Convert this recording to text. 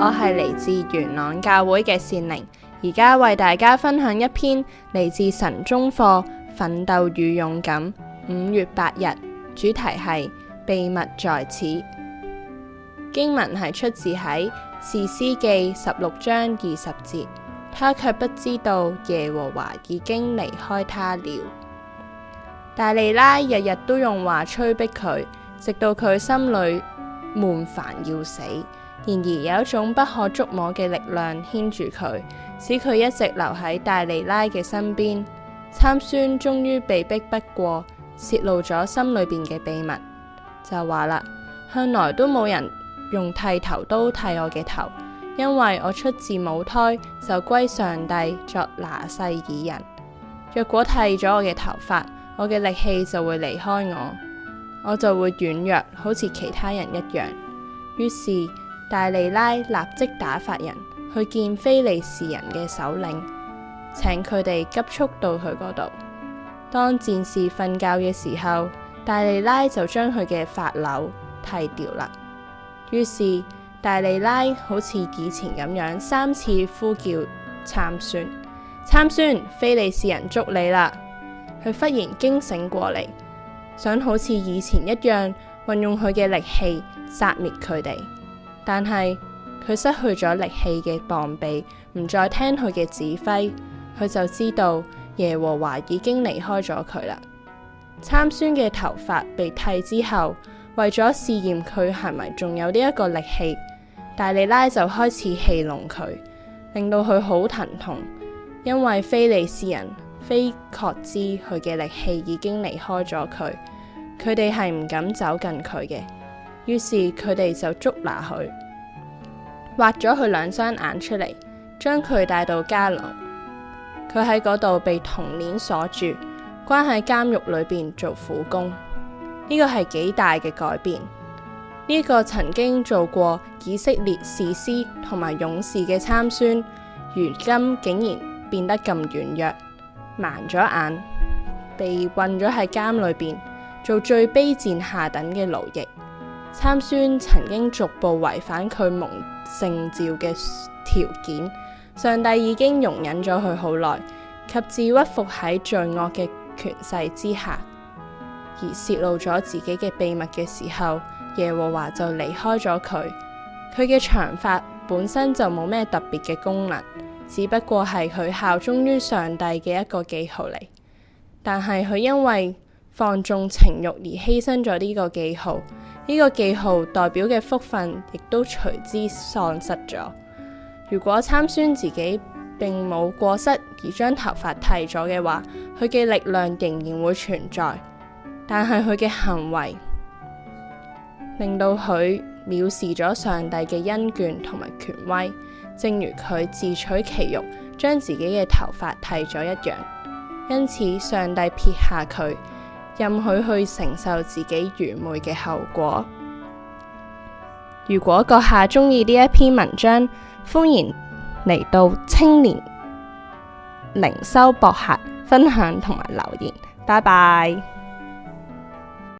我係嚟自元朗教會嘅善靈，而家為大家分享一篇嚟自神中課《奮鬥與勇敢》五月八日，主題係秘密在此。經文係出自喺《士師記》十六章二十節。他卻不知道耶和華已經離開他了。大利拉日日都用話催逼佢，直到佢心裏悶煩要死。然而有一種不可捉摸嘅力量牽住佢，使佢一直留喺大尼拉嘅身邊。參孫終於被逼不過，泄露咗心裏面嘅秘密，就話啦：向來都冇人用剃頭刀剃我嘅頭，因為我出自母胎就歸上帝作拿細耳人。若果剃咗我嘅頭髮，我嘅力氣就會離開我，我就會軟弱，好似其他人一樣。於是。大利拉立即打發人去見菲利士人嘅首領，請佢哋急速到佢嗰度。當戰士瞓覺嘅時候，大利拉就將佢嘅髮柳剃掉啦。於是大利拉好似以前咁樣三次呼叫參孫，參孫，菲利士人捉你啦！佢忽然驚醒過嚟，想好似以前一樣運用佢嘅力氣殺滅佢哋。但係佢失去咗力氣嘅膀臂，唔再聽佢嘅指揮，佢就知道耶和華已經離開咗佢啦。參孫嘅頭髮被剃之後，為咗試驗佢係咪仲有呢一個力氣，大利拉就開始戲弄佢，令到佢好疼痛，因為非利士人非確知佢嘅力氣已經離開咗佢，佢哋係唔敢走近佢嘅。於是佢哋就捉拿佢，挖咗佢兩雙眼出嚟，將佢帶到家牢。佢喺嗰度被銅鏈鎖住，關喺監獄裏邊做苦工。呢、這個係幾大嘅改變？呢、這個曾經做過以色列士師同埋勇士嘅參孫，如今竟然變得咁軟弱，盲咗眼，被困咗喺監裏邊做最卑賤下等嘅奴役。參孫曾經逐步違反佢蒙聖召嘅條件，上帝已經容忍咗佢好耐，及至屈服喺罪惡嘅權勢之下，而泄露咗自己嘅秘密嘅時候，耶和華就離開咗佢。佢嘅長髮本身就冇咩特別嘅功能，只不過係佢效忠於上帝嘅一個記號嚟。但係佢因為放縱情欲而犧牲咗呢個記號，呢個記號代表嘅福分亦都隨之喪失咗。如果參孫自己並冇過失而將頭髮剃咗嘅話，佢嘅力量仍然會存在，但係佢嘅行為令到佢藐視咗上帝嘅恩眷同埋權威，正如佢自取其辱，將自己嘅頭髮剃咗一樣。因此，上帝撇下佢。任佢去承受自己愚昧嘅後果。如果閣下鍾意呢一篇文章，歡迎嚟到青年靈修博客分享同埋留言。拜拜。